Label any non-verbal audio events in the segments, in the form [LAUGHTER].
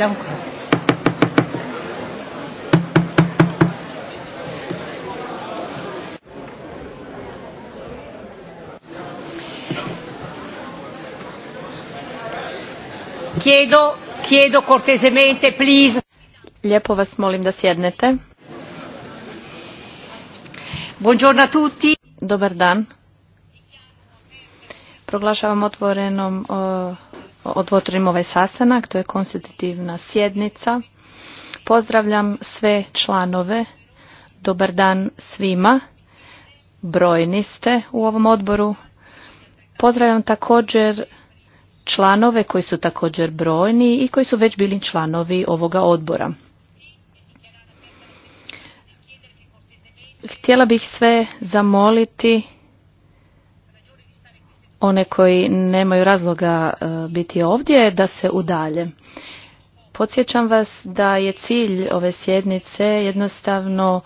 Danke. Chiedo, chiedo cortesemente, please. Lijepo vas molim da sjednete. Buongiorno a tutti. Dobar dan. Proglašavam otvorenom odvotrim ovaj sastanak, to je konstitutivna sjednica. Pozdravljam sve članove, dobar dan svima, brojni ste u ovom odboru. Pozdravljam također članove koji su također brojni i koji su već bili članovi ovoga odbora. Htjela bih sve zamoliti one koji nemaju razloga e, biti ovdje da se udalje. Podsjećam vas da je cilj ove sjednice jednostavno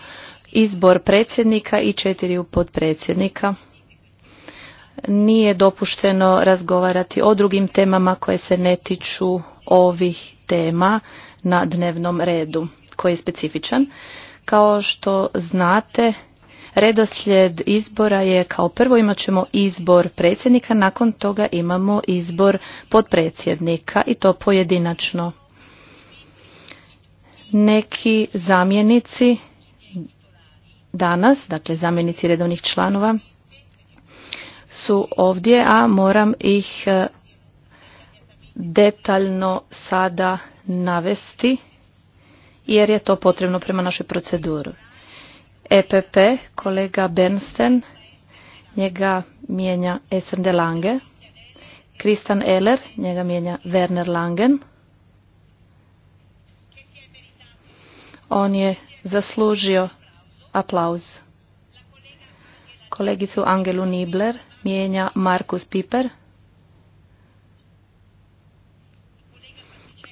izbor predsjednika i četiri podpredsjednika. Nije dopušteno razgovarati o drugim temama koje se ne tiču ovih tema na dnevnom redu koji je specifičan. Kao što znate, Redoslijed izbora je kao prvo imat ćemo izbor predsjednika, nakon toga imamo izbor potpredsjednika i to pojedinačno. Neki zamjenici danas, dakle zamjenici redovnih članova, su ovdje, a moram ih e, detaljno sada navesti jer je to potrebno prema našoj proceduru. EPP, kolega Bernsten, njega mijenja Essen de Lange. Kristan Eller, njega mijenja Werner Langen. On je zaslužio aplauz. Kolegicu Angelu Nibler mijenja Markus Piper.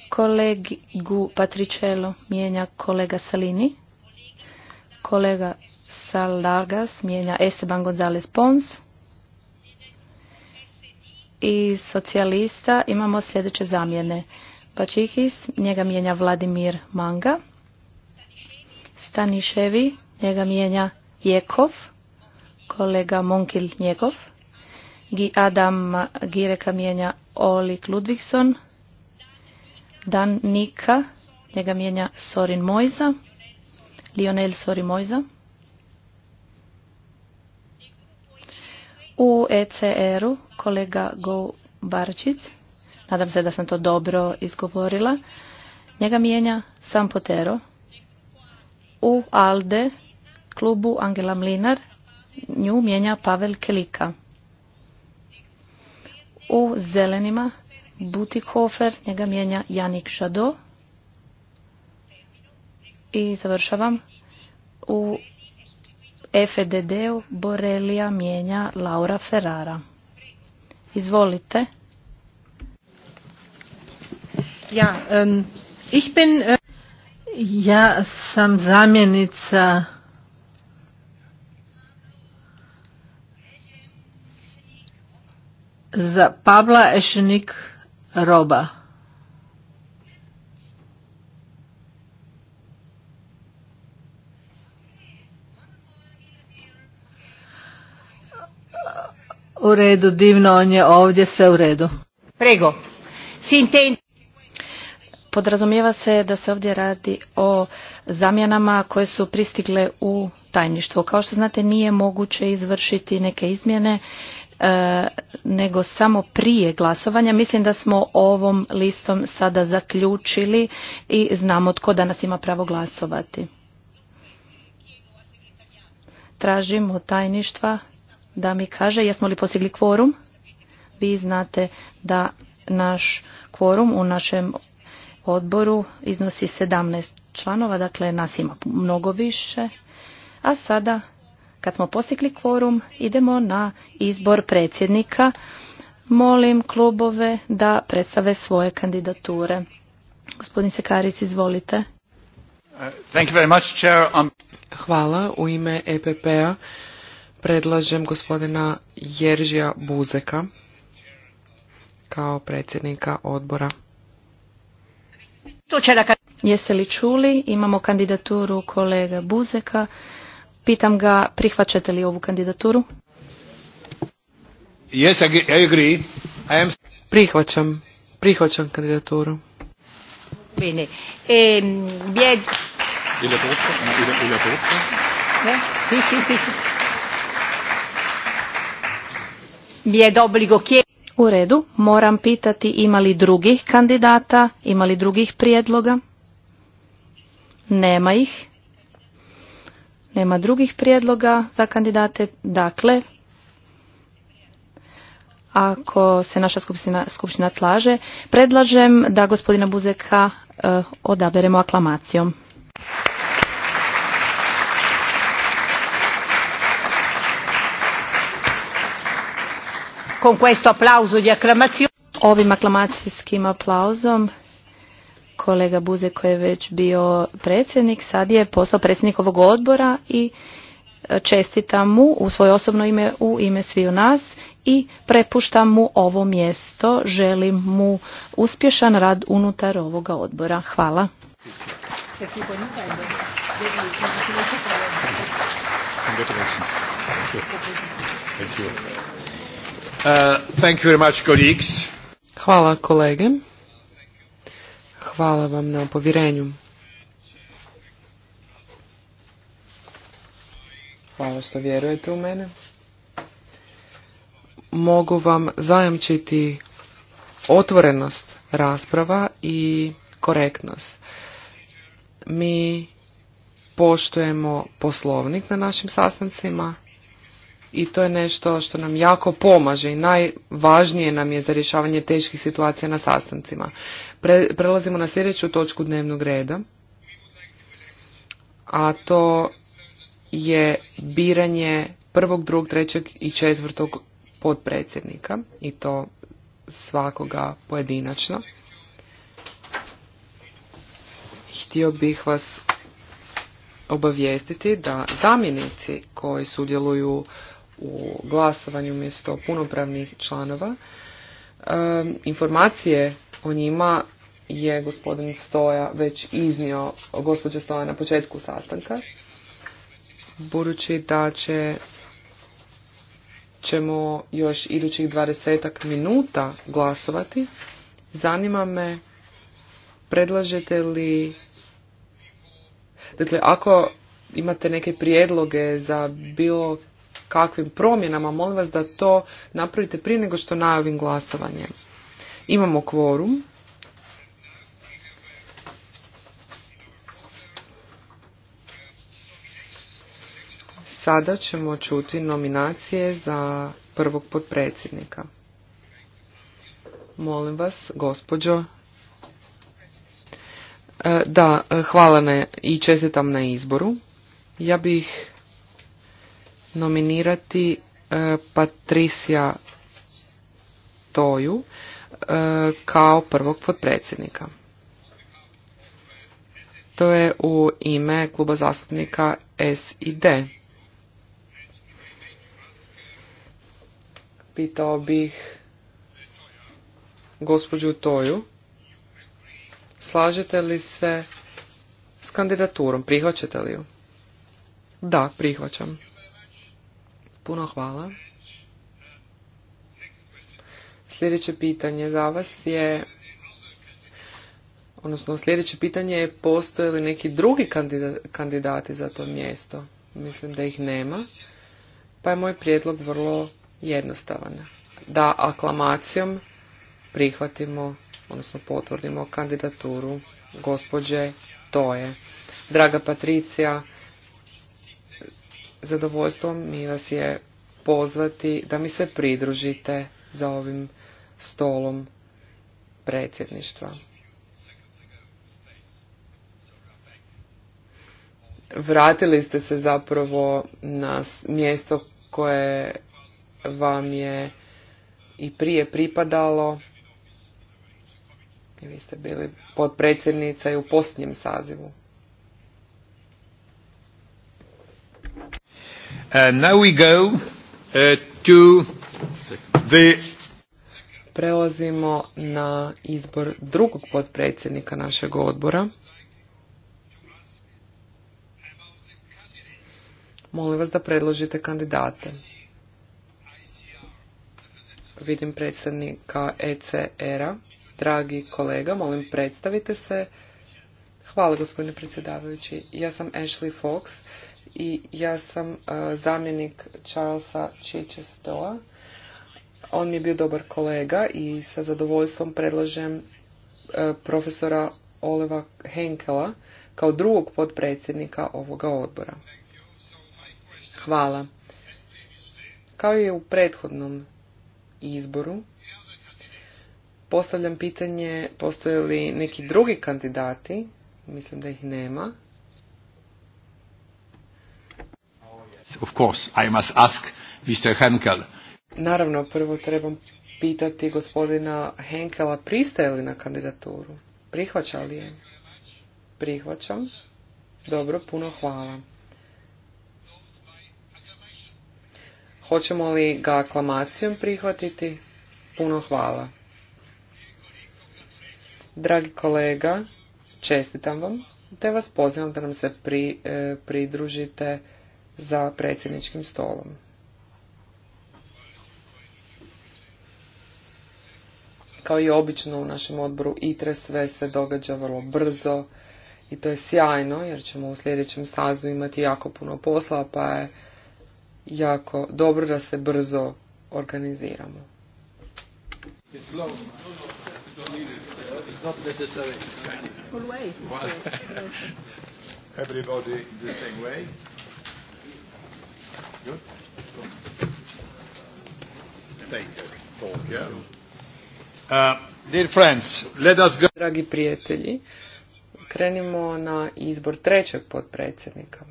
Kolegu Patricello mijenja kolega Salini. Kolega Salargas mijenja Esteban González Pons. I socijalista imamo sljedeće zamjene. Pačihis, njega mijenja Vladimir Manga. Staniševi, njega mijenja Jekov, kolega Monkil Njegov. Adam Gireka mijenja Olik Ludvigson. Dan Nika, njega mijenja Sorin Mojza. Lionel Sorimojza. U ECR-u kolega Go Barčic, nadam se da sam to dobro izgovorila, njega mijenja Sam Potero. U ALDE klubu Angela Mlinar nju mijenja Pavel Kelika. U Zelenima Butikofer njega mijenja Janik Šado. I završavam. U FDD-u Borelija mijenja Laura Ferrara. Izvolite. Ja, ich bin, ja sam zamjenica za Pabla Ešenik Roba. U redu, divno, on je ovdje, sve u redu. Prego. Podrazumijeva se da se ovdje radi o zamjenama koje su pristigle u tajništvo. Kao što znate nije moguće izvršiti neke izmjene e, nego samo prije glasovanja. Mislim da smo ovom listom sada zaključili i znamo tko danas ima pravo glasovati. Tražimo tajništva da mi kaže jesmo li postigli kvorum. Vi znate da naš kvorum u našem odboru iznosi 17 članova, dakle nas ima mnogo više. A sada, kad smo postigli kvorum, idemo na izbor predsjednika. Molim klubove da predstave svoje kandidature. Gospodin Sekaric, izvolite. Hvala u ime EPP-a predlažem gospodina Jeržija Buzeka kao predsjednika odbora. Jeste li čuli? Imamo kandidaturu kolega Buzeka. Pitam ga, prihvaćate li ovu kandidaturu? Yes, I agree. I am... Prihvaćam. Prihvaćam kandidaturu. Bene. E, si, si je u redu, moram pitati ima li drugih kandidata, ima li drugih prijedloga? Nema ih. Nema drugih prijedloga za kandidate. Dakle, ako se naša skupština, skupština tlaže, predlažem da gospodina Buzeka eh, odaberemo aklamacijom. con questo applauso di acclamazione. Ovim aklamacijskim aplauzom kolega Buze koji je već bio predsjednik, sad je postao predsjednik ovog odbora i e, čestitam mu u svoje osobno ime, u ime sviju nas i prepuštam mu ovo mjesto. Želim mu uspješan rad unutar ovoga odbora. Hvala. Uh, Hvala kolege. Hvala vam na povjerenju. Hvala što vjerujete u mene. Mogu vam zajamčiti otvorenost rasprava i korektnost. Mi poštujemo poslovnik na našim sastancima i to je nešto što nam jako pomaže i najvažnije nam je za rješavanje teških situacija na sastancima. prelazimo na sljedeću točku dnevnog reda, a to je biranje prvog, drugog, trećeg i četvrtog potpredsjednika i to svakoga pojedinačno. Htio bih vas obavijestiti da zamjenici koji sudjeluju u glasovanju umjesto punopravnih članova. E, informacije o njima je gospodin Stoja već iznio, gospođa Stoja na početku sastanka, budući da će ćemo još idućih dvadesetak minuta glasovati. Zanima me, predlažete li, dakle, ako imate neke prijedloge za bilo kakvim promjenama, molim vas da to napravite prije nego što najavim glasovanje. Imamo kvorum. Sada ćemo čuti nominacije za prvog potpredsjednika. Molim vas, gospođo. E, da, e, hvala ne i čestitam na izboru. Ja bih nominirati e, Patricia Toju e, kao prvog potpredsjednika. To je u ime kluba zastupnika SID. Pitao bih gospođu Toju, slažete li se s kandidaturom, prihvaćate li ju? Da, prihvaćam. Puno hvala. Sljedeće pitanje za vas je, odnosno sljedeće pitanje je postoje li neki drugi kandidati za to mjesto? Mislim da ih nema, pa je moj prijedlog vrlo jednostavan. Da aklamacijom prihvatimo, odnosno potvrdimo kandidaturu gospođe Toje. Draga Patricija, zadovoljstvo mi vas je pozvati da mi se pridružite za ovim stolom predsjedništva. Vratili ste se zapravo na mjesto koje vam je i prije pripadalo. Vi ste bili potpredsjednica i u posljednjem sazivu. And now we go uh, to the... Prelazimo na izbor drugog potpredsjednika našeg odbora. Molim vas da predložite kandidate. Vidim predsjednika ECR-a. Dragi kolega, molim predstavite se. Hvala gospodine predsjedavajući. Ja sam Ashley Fox i ja sam e, zamjenik Charlesa Chichestoa. On mi je bio dobar kolega i sa zadovoljstvom predlažem e, profesora Oleva Henkela kao drugog podpredsjednika ovoga odbora. Hvala. Kao i u prethodnom izboru, postavljam pitanje postoje li neki drugi kandidati Mislim da ih nema. Of course, I must ask Mr. Henkel. Naravno, prvo trebam pitati gospodina Henkela pristaje li na kandidaturu. Prihvaća li je? Prihvaćam. Dobro, puno hvala. Hoćemo li ga aklamacijom prihvatiti? Puno hvala. Dragi kolega, Čestitam vam, te vas pozivam da nam se e, pridružite za predsjedničkim stolom. Kao i obično u našem odboru ITRE sve se događa vrlo brzo i to je sjajno jer ćemo u sljedećem sazu imati jako puno posla pa je jako dobro da se brzo organiziramo careful way. [LAUGHS] Everybody the same way. Good. So, talk, yeah. Uh, dear friends, let us go. Dragi prijatelji, krenimo na izbor trećeg potpredsjednika.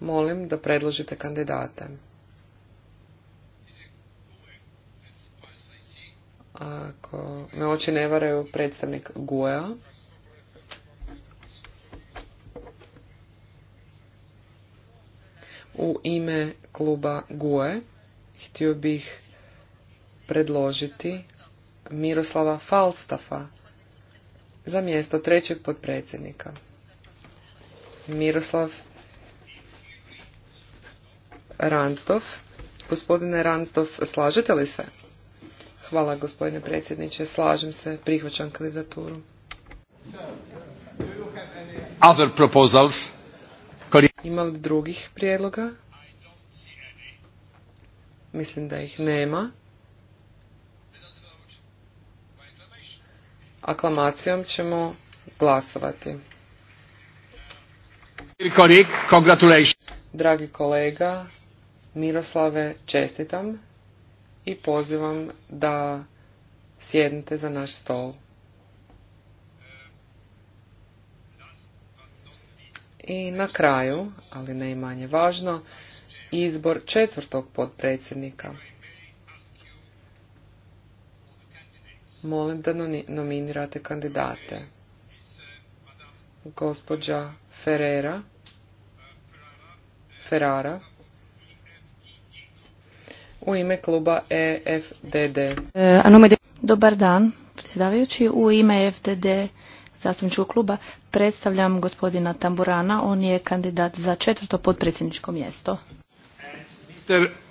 Molim da predložite kandidate. ako me oči ne varaju, predstavnik Guea. U ime kluba GUE htio bih predložiti Miroslava Falstafa za mjesto trećeg potpredsjednika. Miroslav Ranstov. Gospodine Ranstov, slažete li se? Hvala gospodine predsjedniče, slažem se, prihvaćam kandidaturu. Other proposals. Ima li drugih prijedloga? Mislim da ih nema. Aklamacijom ćemo glasovati. Dragi kolega, Miroslave, čestitam i pozivam da sjednete za naš stol. I na kraju, ali ne i manje važno, izbor četvrtog podpredsjednika. Molim da nominirate kandidate. Gospođa Ferrera, Ferrara, u ime kluba EFDD. E, Dobar dan, predsjedavajući. U ime EFDD, zastupničkog kluba predstavljam gospodina Tamburana. On je kandidat za četvrto podpredsjedničko mjesto.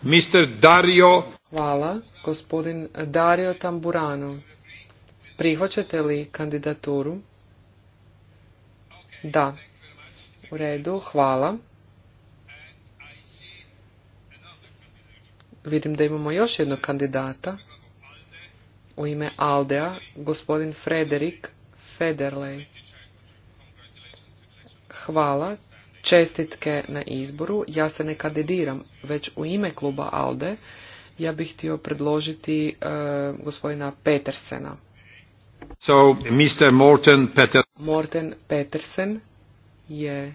mr Dario. Hvala, gospodin Dario Tamburano. Prihvaćate li kandidaturu? Da. U redu, hvala. Vidim da imamo još jednog kandidata u ime Aldea, gospodin Frederik Federley. Hvala, čestitke na izboru. Ja se ne kandidiram, već u ime kluba Alde ja bih htio predložiti e, gospodina Petersena. Morten Petersen je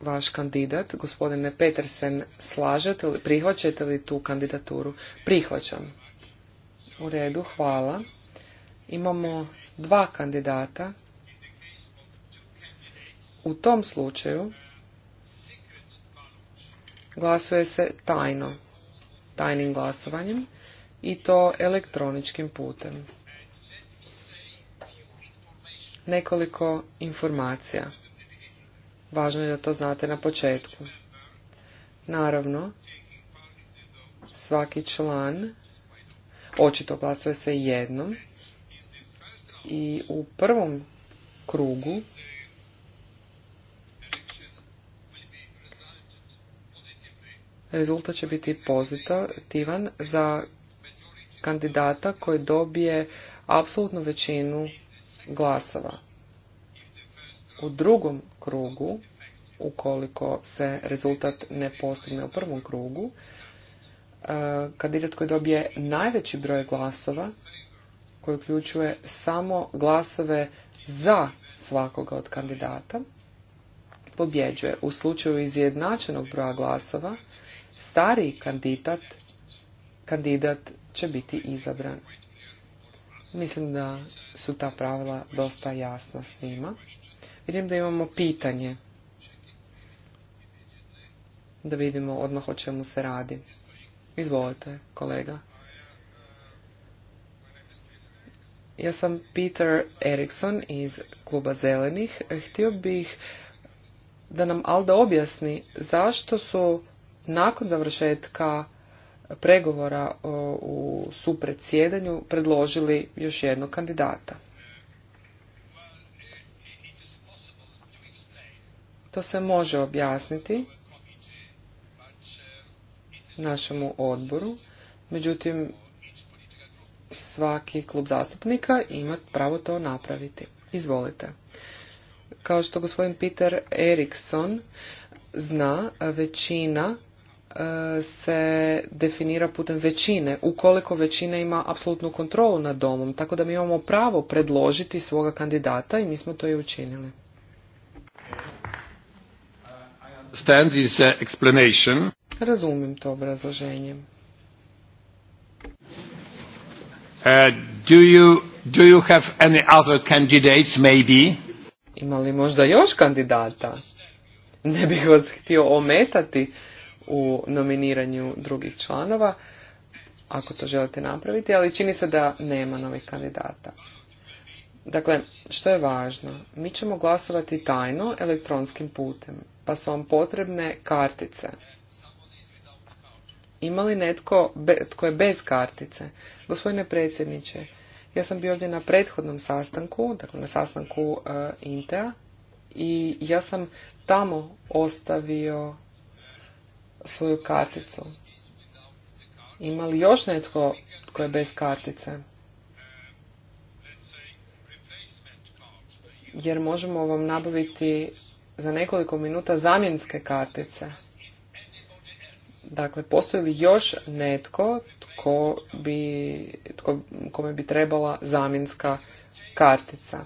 vaš kandidat, gospodine Petersen, slažete li, prihvaćate li tu kandidaturu? Prihvaćam. U redu, hvala. Imamo dva kandidata. U tom slučaju glasuje se tajno, tajnim glasovanjem i to elektroničkim putem. Nekoliko informacija. Važno je da to znate na početku. Naravno, svaki član očito glasuje se jednom i u prvom krugu rezultat će biti pozitivan za kandidata koji dobije apsolutnu većinu glasova u drugom krugu, ukoliko se rezultat ne postigne u prvom krugu, e, kandidat koji dobije najveći broj glasova, koji uključuje samo glasove za svakoga od kandidata, pobjeđuje. U slučaju izjednačenog broja glasova, stariji kandidat, kandidat će biti izabran. Mislim da su ta pravila dosta jasna svima. Vidim da imamo pitanje. Da vidimo odmah o čemu se radi. Izvolite, kolega. Ja sam Peter Erikson iz Kluba Zelenih. Htio bih da nam Alda objasni zašto su nakon završetka pregovora u supredsjedanju predložili još jednog kandidata. To se može objasniti našemu odboru, međutim svaki klub zastupnika ima pravo to napraviti. Izvolite. Kao što gospodin Peter Erikson zna, većina e, se definira putem većine, ukoliko većina ima apsolutnu kontrolu nad domom, tako da mi imamo pravo predložiti svoga kandidata i mi smo to i učinili understand this uh, explanation. Razumijem to obrazloženje. Uh, do you, do you have any other candidates maybe? Ima li možda još kandidata? Ne bih vas htio ometati u nominiranju drugih članova, ako to želite napraviti, ali čini se da nema novih kandidata. Dakle, što je važno? Mi ćemo glasovati tajno elektronskim putem, pa su vam potrebne kartice. Ima li netko tko je bez kartice? Gospodine predsjedniče, ja sam bio ovdje na prethodnom sastanku, dakle na sastanku e, Intea, i ja sam tamo ostavio svoju karticu. Ima li još netko tko je bez kartice? jer možemo vam nabaviti za nekoliko minuta zamjenske kartice. Dakle, postoji li još netko tko bi, tko, kome bi trebala zamjenska kartica?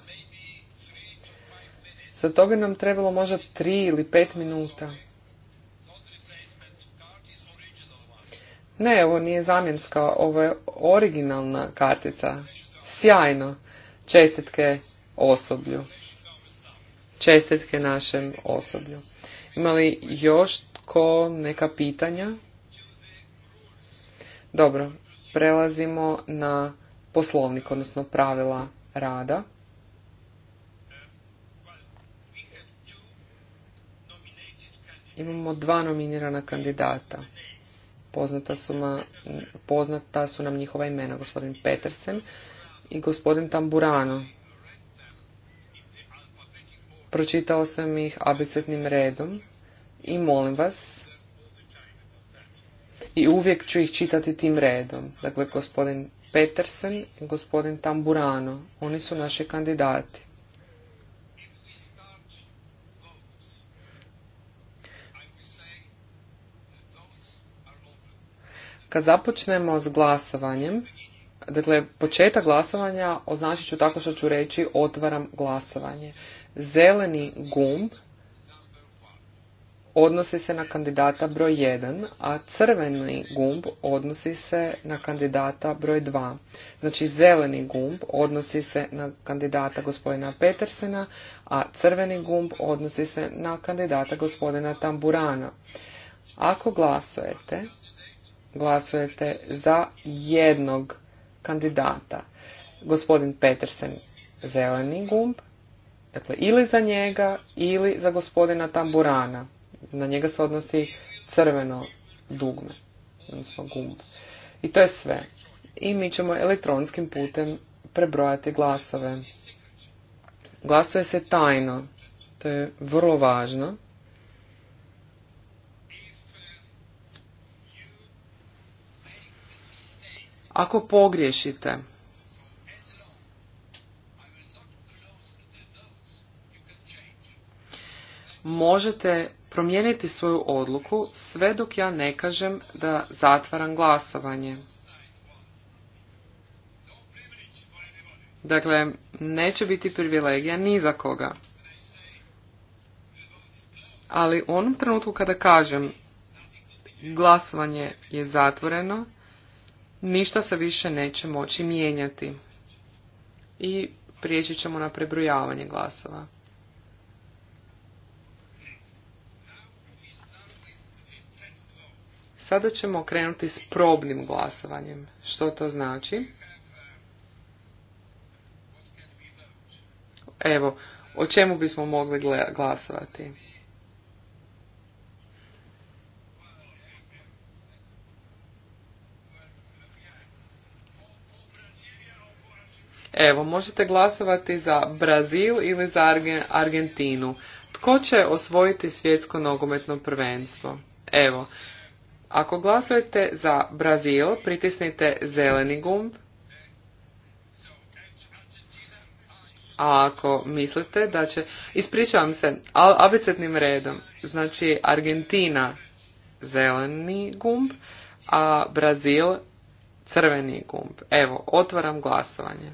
Za to bi nam trebalo možda tri ili pet minuta. Ne, ovo nije zamjenska, ovo je originalna kartica. Sjajno. Čestitke osoblju. Čestitke našem osoblju. Imali još tko neka pitanja? Dobro, prelazimo na poslovnik, odnosno pravila rada. Imamo dva nominirana kandidata. Poznata su, ma, poznata su nam njihova imena, gospodin Petersen i gospodin Tamburano. Pročitao sam ih abecednim redom i molim vas i uvijek ću ih čitati tim redom. Dakle, gospodin Petersen i gospodin Tamburano. Oni su naši kandidati. Kad započnemo s glasovanjem, dakle početak glasovanja označit ću tako što ću reći otvaram glasovanje. Zeleni gumb odnosi se na kandidata broj 1, a crveni gumb odnosi se na kandidata broj 2. Znači zeleni gumb odnosi se na kandidata gospodina Petersena, a crveni gumb odnosi se na kandidata gospodina Tamburana. Ako glasujete, glasujete za jednog kandidata. Gospodin Petersen zeleni gumb, Dakle, ili za njega, ili za gospodina Tamburana. Na njega se odnosi crveno dugme, odnosno gumb. I to je sve. I mi ćemo elektronskim putem prebrojati glasove. Glasuje se tajno. To je vrlo važno. Ako pogriješite, možete promijeniti svoju odluku sve dok ja ne kažem da zatvaram glasovanje. Dakle, neće biti privilegija ni za koga. Ali u onom trenutku kada kažem glasovanje je zatvoreno, ništa se više neće moći mijenjati. I prijeći ćemo na prebrojavanje glasova. Sada ćemo krenuti s probnim glasovanjem. Što to znači? Evo, o čemu bismo mogli glasovati? Evo, možete glasovati za Brazil ili za Argentinu. Tko će osvojiti svjetsko nogometno prvenstvo? Evo, ako glasujete za Brazil, pritisnite zeleni gumb. A ako mislite da će... Ispričavam se, abecednim redom. Znači, Argentina zeleni gumb, a Brazil crveni gumb. Evo, otvaram glasovanje.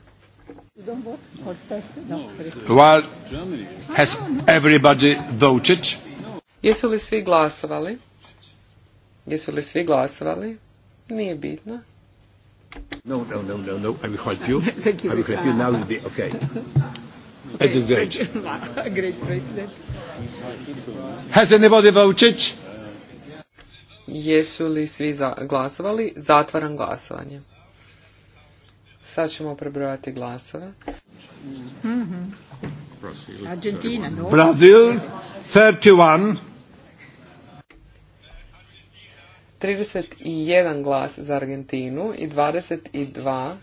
Jesu li svi glasovali? Jesu li svi glasovali? Nije bitno. No, no, no, no, no. I will help you. [LAUGHS] Thank you. I will help you. Now will be okay. It [LAUGHS] is [LAUGHS] great. great president. Has anybody voted? Jesu li svi glasovali? Zatvaram glasovanje. Sad ćemo prebrojati glasove. Mm -hmm. Argentina, no. Brazil, 31. 31 glas za Argentinu i 22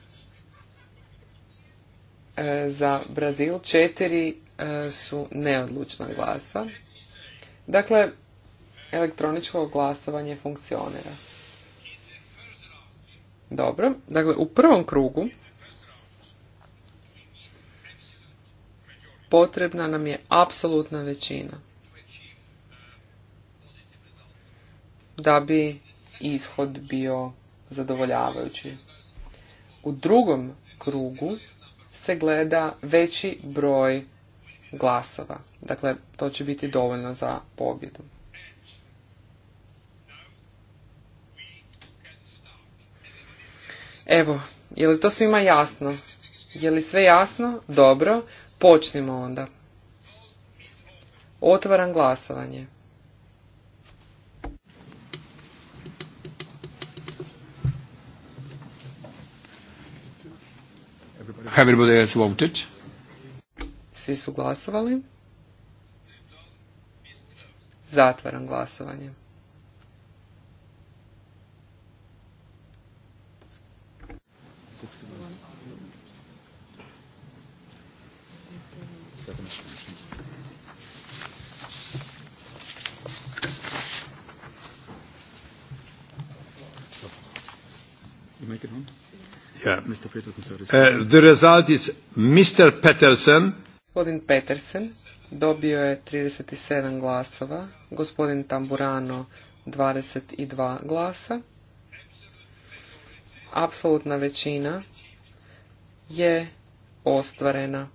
e, za Brazil, četiri e, su neodlučna glasa. Dakle, elektroničko glasovanje funkcionira. Dobro, dakle u prvom krugu potrebna nam je apsolutna većina. da bi ishod bio zadovoljavajući. U drugom krugu se gleda veći broj glasova. Dakle, to će biti dovoljno za pobjedu. Evo, je li to svima jasno? Je li sve jasno? Dobro, počnimo onda. Otvaram glasovanje. Everybody has voted. Svi su glasovali. Zatvaram glasovanje. E, the result is Mr. Peterson. Gospodin Peterson dobio je 37 glasova, gospodin Tamburano 22 glasa. Apsolutna većina je ostvarena.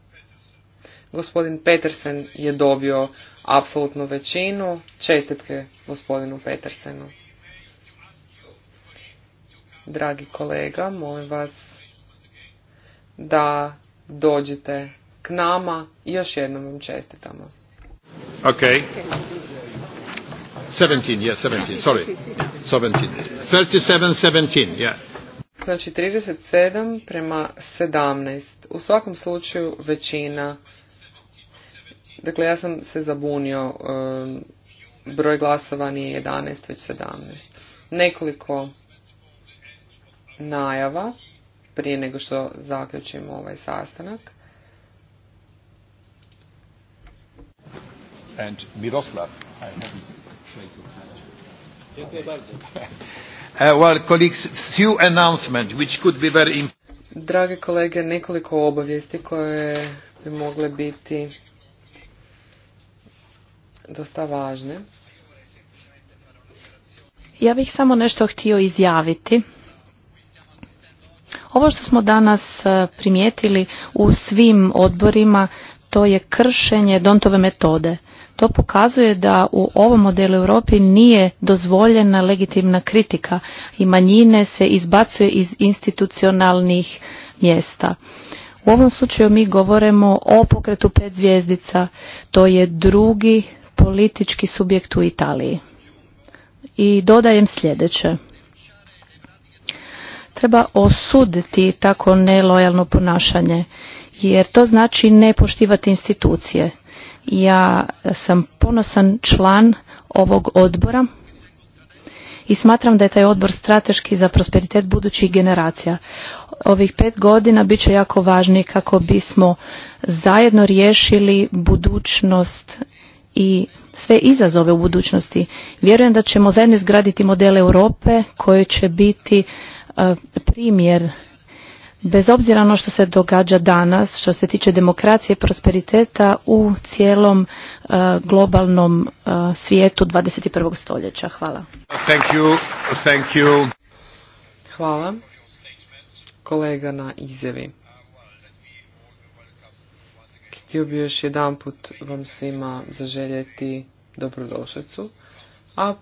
Gospodin Petersen je dobio apsolutnu većinu. Čestitke gospodinu Petersenu. Dragi kolega, molim vas da dođete k nama i još jednom vam čestitamo. Ok. 17, yeah, 17, sorry. 17. 37, 17, yeah. Znači 37 prema 17. U svakom slučaju većina. Dakle, ja sam se zabunio. Um, broj glasova nije 11, već 17. Nekoliko najava prije nego što zaključimo ovaj sastanak. And Miroslav, Drage kolege, nekoliko obavijesti koje bi mogle biti dosta važne. Ja bih samo nešto htio izjaviti. Ovo što smo danas e, primijetili u svim odborima, to je kršenje Dontove metode. To pokazuje da u ovom modelu Europi nije dozvoljena legitimna kritika i manjine se izbacuje iz institucionalnih mjesta. U ovom slučaju mi govorimo o pokretu pet zvijezdica, to je drugi politički subjekt u Italiji. I dodajem sljedeće treba osuditi tako nelojalno ponašanje jer to znači ne poštivati institucije. Ja sam ponosan član ovog odbora i smatram da je taj odbor strateški za prosperitet budućih generacija. Ovih pet godina bit će jako važni kako bismo zajedno riješili budućnost i sve izazove u budućnosti. Vjerujem da ćemo zajedno izgraditi model Europe koji će biti E, primjer bez obzira ono što se događa danas što se tiče demokracije i prosperiteta u cijelom e, globalnom e, svijetu 21. stoljeća. Hvala. Thank you. Thank you. Hvala. Kolega na izjavi. Htio bi još jedan put vam svima zaželjeti dobrodošlicu, a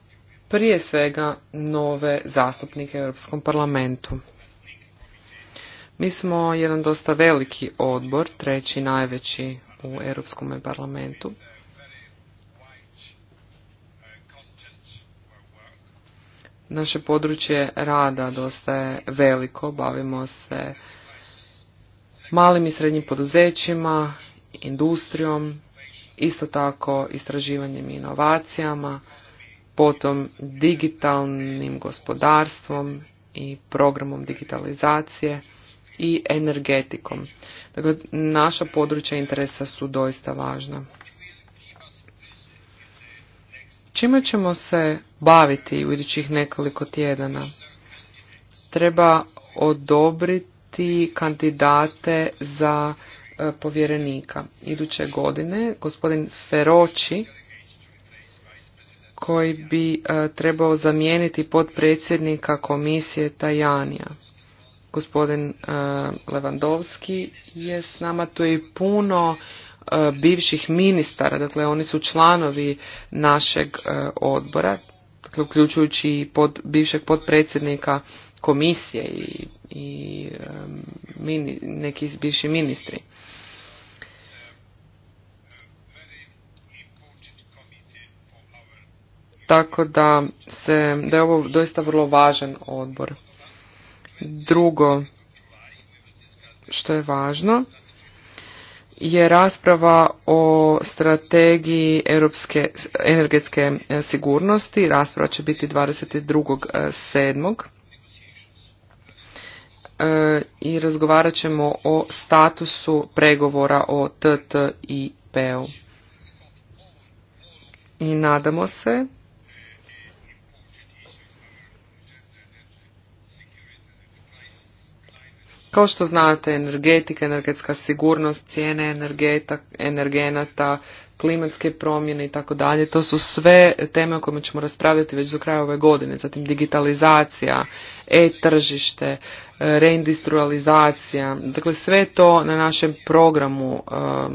prije svega nove zastupnike u Europskom parlamentu. Mi smo jedan dosta veliki odbor, treći najveći u Europskom parlamentu. Naše područje rada dosta je veliko, bavimo se malim i srednjim poduzećima, industrijom, isto tako istraživanjem i inovacijama, potom digitalnim gospodarstvom i programom digitalizacije i energetikom. Dakle, naša područja interesa su doista važna. Čime ćemo se baviti u idućih nekoliko tjedana? Treba odobriti kandidate za e, povjerenika. Iduće godine gospodin Feroči koji bi e, trebao zamijeniti potpredsjednika komisije Tajanija. Gospodin e, Levandovski je s nama tu i puno e, bivših ministara, dakle oni su članovi našeg odbora, dakle uključujući i pod, bivšeg potpredsjednika komisije i, i mini, neki bivši ministri. Tako da, se, da je ovo doista vrlo važan odbor. Drugo što je važno je rasprava o strategiji europske energetske sigurnosti. Rasprava će biti 22.7. E, I razgovarat ćemo o statusu pregovora o TTIP-u. I nadamo se Kao što znate, energetika, energetska sigurnost, cijene energenata, klimatske promjene i tako dalje, to su sve teme o kojima ćemo raspravljati već do kraja ove godine. Zatim digitalizacija, e-tržište, e, reindustrializacija, dakle sve to na našem programu e,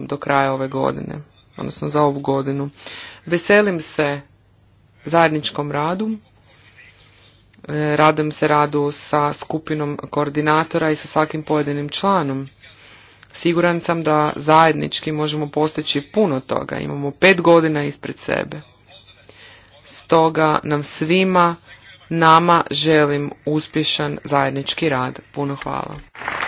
do kraja ove godine, odnosno za ovu godinu. Veselim se zajedničkom radu E, Radom se radu sa skupinom koordinatora i sa svakim pojedinim članom. Siguran sam da zajednički možemo postići puno toga. Imamo pet godina ispred sebe. Stoga nam svima, nama želim uspješan zajednički rad. Puno hvala.